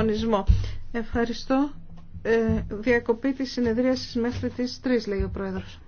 ανταγωνισμό. Ευχαριστώ. Ε, διακοπή της συνεδρίασης μέχρι τις 3, λέει ο Πρόεδρος.